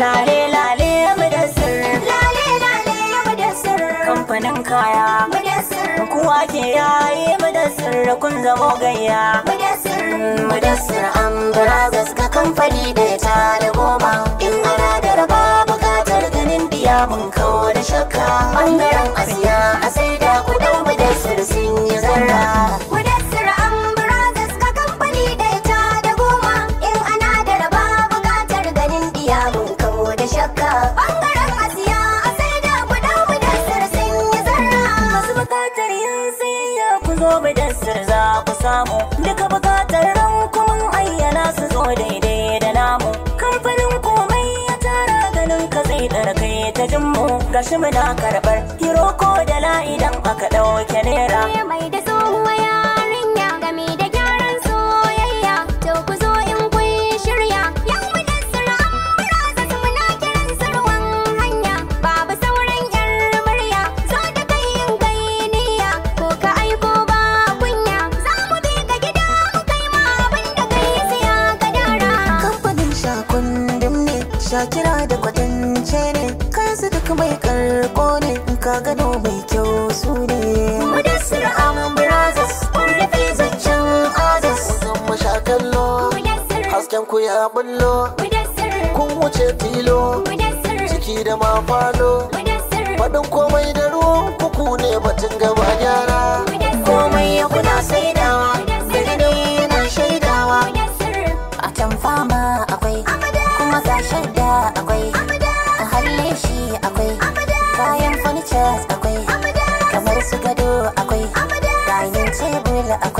Lale lale mudassir Lale lale mudassir Kamfanin kaya mudassir Kowa ke yayi mudassir kun zamo gayya Mudassir mm, Mudassir an brazas ka kamfani da ta da goma In ana da raba bukatar ganin biya mun kawo da shakka Bangaren asiya gobe da za ku samu duka bukatar ranku mun ayyana su zo daidai da namu kamfanin komai ya tara ganin ka zai kai ta jinmu gashi muna karɓar hiroko da la'idan aka ɗauke naira mai da tsohuwar kundum ne shakira da kwatance ne kansu duk mai karko ne ka gano mai kyau su ne mudassir amin brazos rufe zancen azas hasken ku ya bullo kun wuce filo ciki da ma faɗin komai da ruwan kuku ne batun gaba gyara komai ya kuna sai da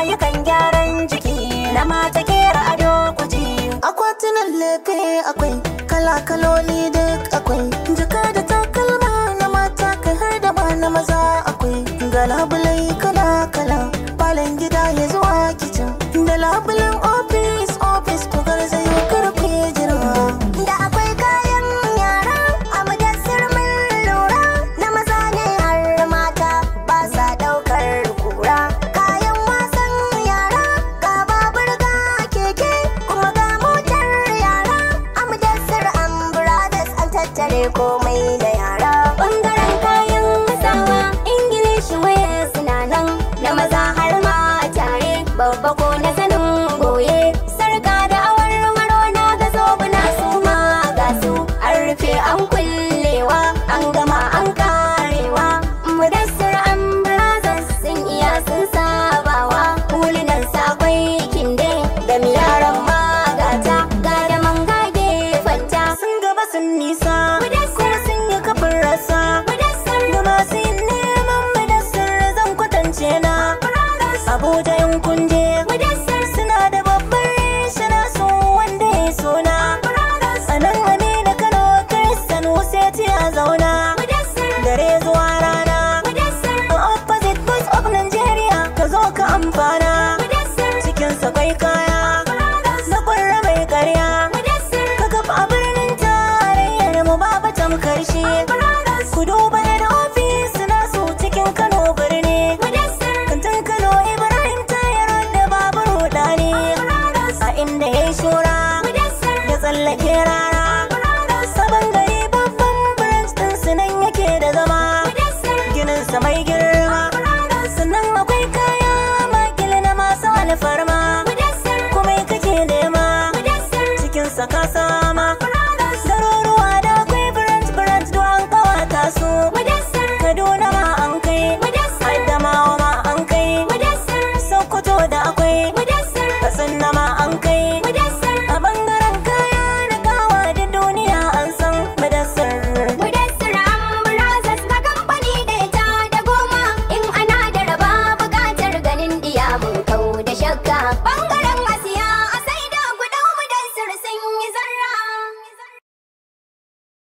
ayyukan gyaran jiki na mata kera ado kuji akwatunan lefe akwai kala-kaloli duk akwai jika da takalma na mata kai har da ba na maza akwai ga labulai kala-kala falon gida ya zuwa kicin da labulan ofis ofis Gracias. abuja yin kunje. suna da babbar suna so wanda ya suna a nan amina kano kristan ta ya zauna dare zuwa rana a opposite bus of nigeria ka zo ka amfana cikin sakwai kaya yake rara Ranar gari babban branch din su nan yake da zama Ginin sa mai girma Sannan akwai kaya makil na masu alfarma